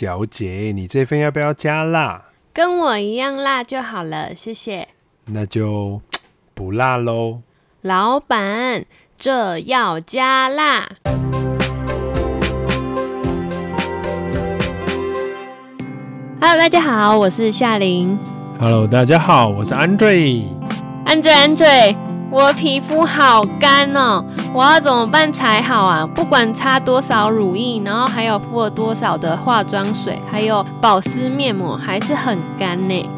小姐，你這份要不要加辣？跟我一樣辣就好了，謝謝。那就不辣嘍。老闆，這要加辣。Hello，大家好，我是夏琳。Hello，大家好，我是 Andre。Andre，Andre，我的皮膚好乾哦。我要怎麼辦才好啊？不管擦多少乳液，然後還有敷了多少的化妝水，還有保濕面膜，還是很乾呢、欸。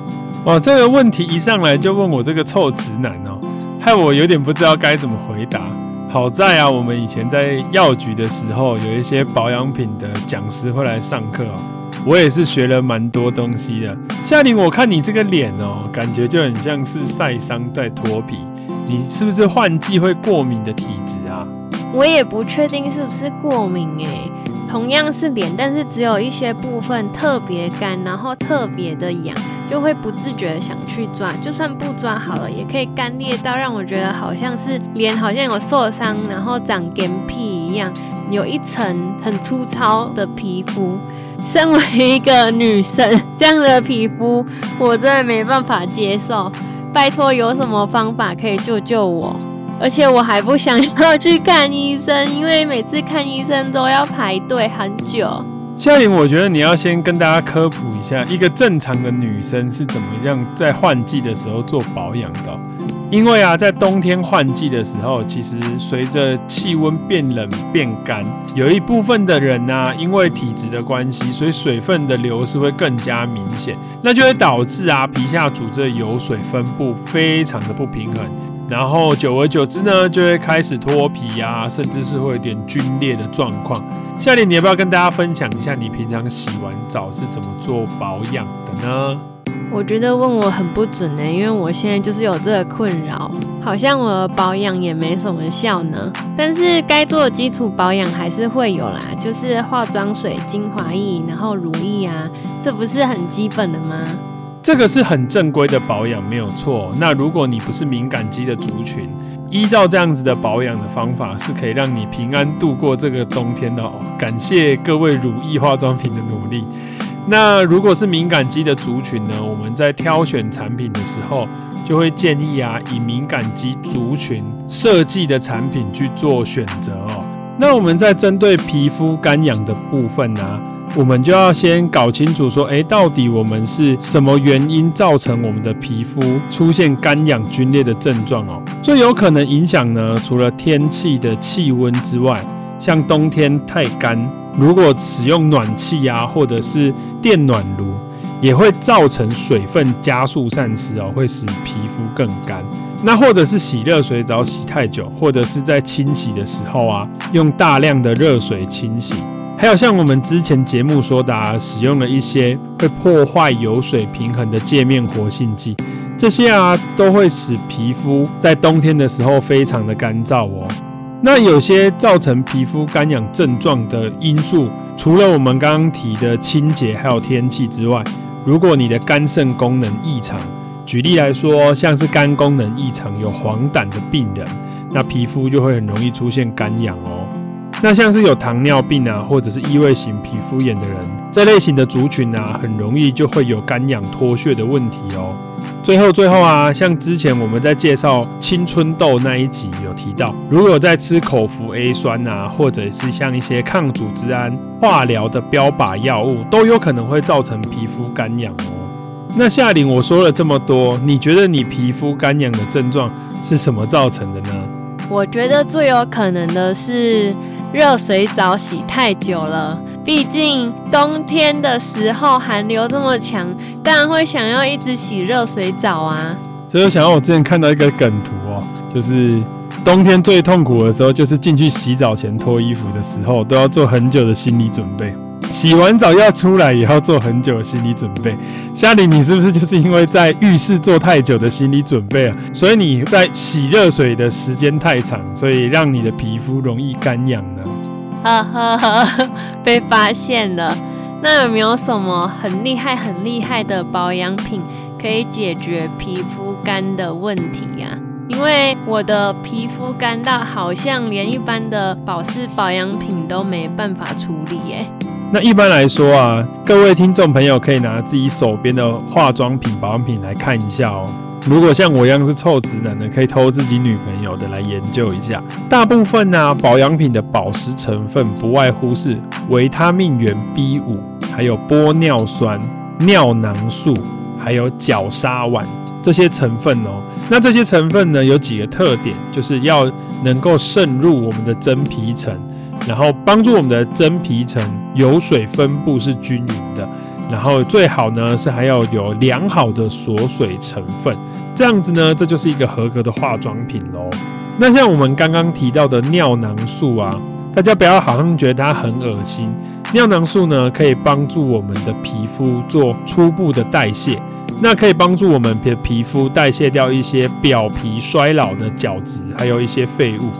哦，這個問題一上來就問我這個臭直男哦，害我有點不知道該怎麼回答。好在啊，我們以前在藥局的時候，有一些保養品的講師會來上課哦、喔，我也是學了蠻多東西的。夏琳，我看你這個臉哦、喔，感覺就很像是曬傷在脫皮。你是不是換季會過敏的體質啊？我也不確定是不是過敏哎、欸。同樣是臉，但是只有一些部分特別乾，然後特別的癢，就會不自覺的想去抓。就算不抓好了，也可以乾裂到讓我覺得好像是臉好像有受傷，然後長乾皮一樣，有一層很粗糙的皮膚。身為一個女生，這樣的皮膚我真的沒辦法接受。拜託，有什麼方法可以救救我？而且我還不想要去看醫生，因為每次看醫生都要排隊很久。夏琳，我覺得你要先跟大家科普一下，一個正常的女生是怎麼樣在換季的時候做保養的。因為啊，在冬天換季的時候，其實隨着氣溫變冷變乾，有一部分的人呢、啊，因為體質的關係，所以水分的流失會更加明顯，那就會導致啊，皮下組織的油水分布非常的不平衡，然後久而久之呢，就會開始脫皮啊，甚至是會有點皸裂的狀況。夏琳，你要不要跟大家分享一下你平常洗完澡是怎麼做保養的呢？我覺得問我很不準呢、欸，因為我現在就是有這個困擾，好像我的保養也沒什麼效呢。但是該做的基礎保養還是會有啦，就是化妝水、精華液，然後乳液啊，這不是很基本的嗎？這個是很正規的保養，沒有錯。那如果你不是敏感肌的族群，依照這樣子的保養的方法，是可以讓你平安度過這個冬天的哦。感謝各位乳液化妝品的努力。那如果是敏感肌的族群呢？我們在挑選產品的時候，就會建議啊，以敏感肌族群設計的產品去做選擇哦。那我們在針對皮膚乾癢的部分呢、啊，我們就要先搞清楚說，哎、欸，到底我們是什麼原因造成我們的皮膚出現乾癢、皸裂的症狀哦？最有可能影響呢，除了天氣的氣溫之外，像冬天太乾，如果使用暖氣啊，或者是電暖爐，也會造成水分加速散失哦，會使皮膚更乾。那或者是洗熱水澡洗太久，或者是在清洗的時候啊，用大量的熱水清洗，還有像我們之前節目說的啊，使用了一些會破壞油水平衡的界面活性劑，這些啊都會使皮膚在冬天的時候非常的乾燥哦。那有些造成皮膚乾癢症狀的因素，除了我們剛剛提的清潔還有天氣之外，如果你的肝腎功能異常，舉例來說，像是肝功能異常有黃疸的病人，那皮膚就會很容易出現乾癢哦。那像是有糖尿病啊，或者是異位型皮膚炎的人，這類型的族群啊，很容易就會有乾癢脫屑的問題哦、喔。最後，最後啊，像之前我們在介紹青春痘那一集有提到，如果在吃口服 A 酸啊，或者是像一些抗組織胺、化療的標靶藥物，都有可能會造成皮膚乾癢哦。那夏琳，我說了這麼多，你覺得你皮膚乾癢的症狀是什麼造成的呢？我覺得最有可能的是。熱水澡洗太久了，畢竟冬天的時候寒流這麼強，當然會想要一直洗熱水澡啊。所以，想要我之前看到一個梗圖喔，就是冬天最痛苦的時候，就是進去洗澡前脫衣服的時候，都要做很久的心理準備。洗完澡要出來也要做很久的心理準備，夏琳，你是不是就是因為在浴室做太久的心理準備啊？所以你在洗熱水的時間太長，所以讓你的皮膚容易乾癢呢？哈哈哈，被發現了。那有沒有什麼很厲害、很厲害的保養品可以解決皮膚乾的問題呀、啊？因為我的皮膚乾到好像連一般的保濕保養品都沒辦法處理耶、欸。那一般來說啊，各位聽眾朋友可以拿自己手邊的化妝品、保養品來看一下哦。如果像我一樣是臭直男的，可以偷自己女朋友的來研究一下。大部分啊，保養品的保濕成分不外乎是維他命原 B 五，還有玻尿酸、尿囊素，還有角鯊烷這些成分哦。那這些成分呢，有幾個特點，就是要能夠滲入我們的真皮層。然後幫助我們的真皮層油水分布是均勻的，然後最好呢是還要有，有良好的鎖水成分，這樣子呢這就是一個合格的化妝品咯。那像我們剛剛提到的尿囊素啊，大家不要好像覺得它很惡心，尿囊素呢可以幫助我們的皮膚做初步的代謝，那可以幫助我們皮皮膚代謝掉一些表皮衰老的角質，還有一些廢物。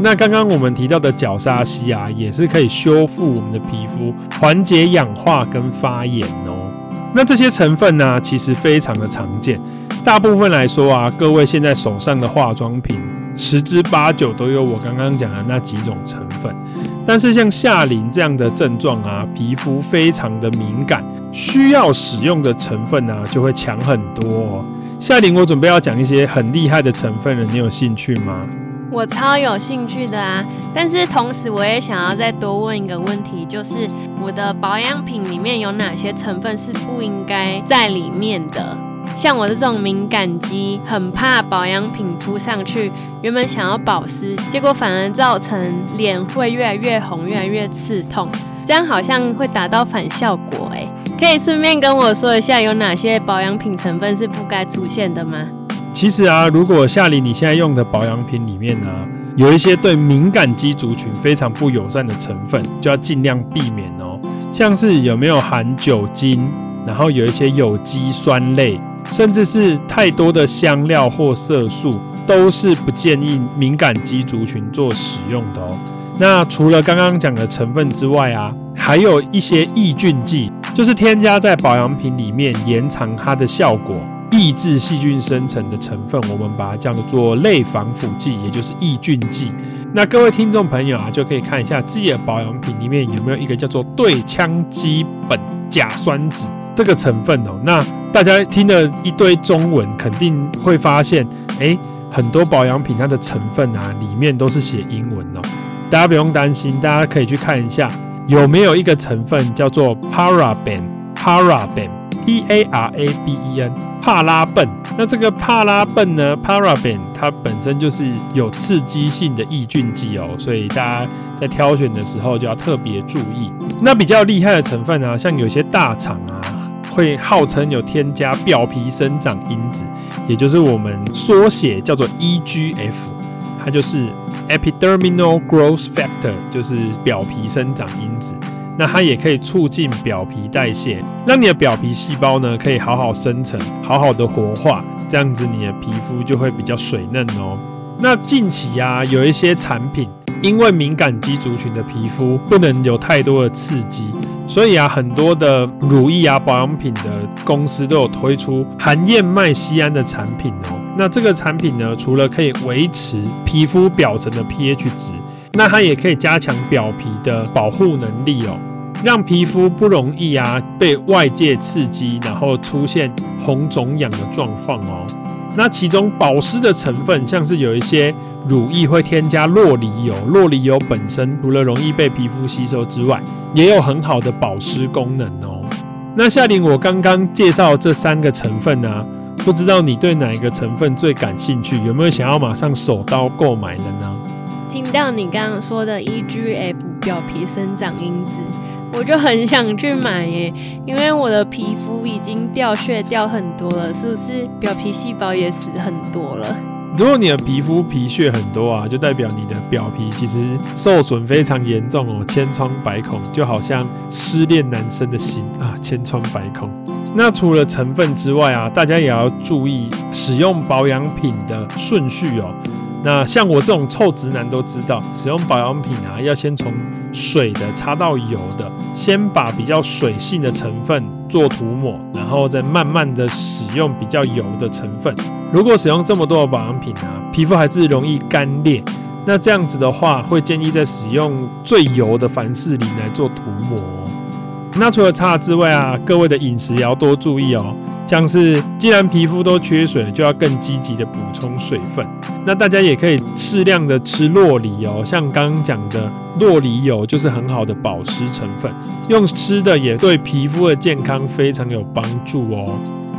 那剛剛我們提到的角鯊烯啊，也是可以修復我們的皮膚，緩解氧化跟發炎哦。那這些成分呢啊，其實非常的常見。大部分來說啊，各位現在手上的化妝品，十之八九都有我剛剛講的那幾種成分。但是像夏琳這樣的症狀啊，皮膚非常的敏感，需要使用的成分呢啊，就會強很多哦。夏琳，我準備要講一些很厲害的成分了，你有興趣嗎？我超有興趣的啊！但是同時，我也想要再多問一個問題，就是我的保養品裡面有哪些成分是不應該在裡面的？像我的這種敏感肌，很怕保養品敷上去，原本想要保濕，結果反而造成臉會越來越紅、越來越刺痛，這樣好像會達到反效果欸。可以順便跟我說一下有哪些保養品成分是不該出現的嗎？其實啊，如果夏琳你現在用的保養品裡面呢、啊，有一些對敏感肌族群非常不友善的成分，就要盡量避免哦。像是有沒有含酒精，然後有一些有機酸類，甚至是太多的香料或色素，都是不建議敏感肌族群做使用的哦。那除了剛剛講的成分之外啊，還有一些抑菌劑，就是添加在保養品裡面延長它的效果。抑制細菌生成的成分，我們把它叫做類防腐劑，也就是抑菌劑。那各位聽眾朋友啊，就可以看一下自己的保養品裡面有沒有一個叫做對羥基苯甲酸酯這個成分哦、喔。那大家聽了一堆中文，肯定會發現，哎，很多保養品它的成分啊，裡面都是寫英文哦、喔。大家不用擔心，大家可以去看一下有沒有一個成分叫做 Paraben，Paraben，P-A-R-A-B-E-N Par。A R A B E N 帕拉苯，那這個帕拉苯呢 paraben 它本身就是有刺激性的抑菌劑哦，所以大家在挑選的時候就要特別注意。那比較厲害的成分呢、啊，像有些大廠啊，會號稱有添加表皮生長因子，也就是我們縮寫叫做 EGF，它就是 epiderminal growth factor，就是表皮生長因子。那它也可以促進表皮代謝，讓你的表皮細胞呢可以好好生成，好好的活化，這樣子你的皮膚就會比較水嫩哦。那近期呀、啊，有一些產品因為敏感肌族群的皮膚不能有太多的刺激，所以呀、啊，很多的乳液啊保養品的公司都有推出含燕麥酰胺的產品哦。那這個產品呢，除了可以維持皮膚表層的 pH 值，那它也可以加強表皮的保護能力哦。讓皮膚不容易啊被外界刺激，然後出現紅腫癢的狀況哦。那其中保濕的成分，像是有一些乳液會添加酪梨油，酪梨油本身除了容易被皮膚吸收之外，也有很好的保濕功能哦。那夏琳，我剛剛介紹這三個成分呢、啊，不知道你對哪一個成分最感興趣，有沒有想要馬上手刀購買的呢？聽到你剛剛說的 EGF 表皮生長因子。我就很想去買耶，因為我的皮膚已經掉屑掉很多了，是不是表皮細胞也死很多了？如果你的皮膚皮屑很多啊，就代表你的表皮其實受損非常嚴重哦，千瘡百孔，就好像失戀男生的心啊，千瘡百孔。那除了成分之外啊，大家也要注意使用保養品的順序哦。那像我這種臭直男都知道，使用保養品啊，要先從水的擦到油的，先把比較水性的成分做塗抹，然後再慢慢的使用比較油的成分。如果使用這麼多的保養品啊，皮膚還是容易乾裂。那這樣子的話，會建議在使用最油的凡士林來做塗抹喔。那除了擦之外啊，各位的飲食也要多注意喔。像是既然皮膚都缺水了，就要更積極的補充水分。那大家也可以適量的吃酪梨哦，像剛剛講的酪梨油就是很好的保濕成分，用吃的也對皮膚的健康非常有幫助哦。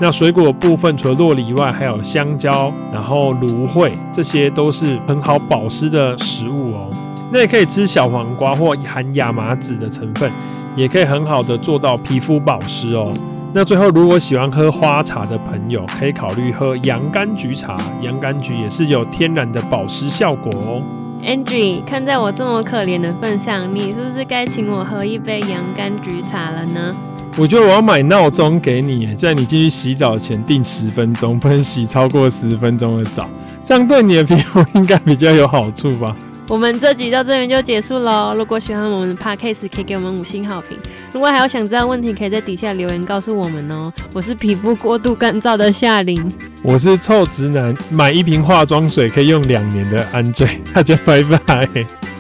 那水果的部分除了酪梨以外，還有香蕉，然後蘆薈，這些都是很好保濕的食物哦。那也可以吃小黃瓜或含亞麻籽的成分，也可以很好的做到皮膚保濕哦。那最後，如果喜歡喝花茶的朋友，可以考慮喝洋甘菊茶。洋甘菊也是有天然的保濕效果哦。Andre，看在我這麼可憐的份上，你是不是該請我喝一杯洋甘菊茶了呢？我覺得我要買鬧鐘給你，在你進去洗澡前定十分鐘，不能洗超過十分鐘的澡，這樣對你的皮膚應該比較有好處吧。我們這集到這邊就結束嘍。如果喜歡我們的 podcast，可以給我們五星好評。如果還有想知道問題，可以在底下留言告訴我們哦。我是皮膚過度乾燥的夏琳，我是臭直男，買一瓶化妝水可以用兩年的 Andre，大家拜拜。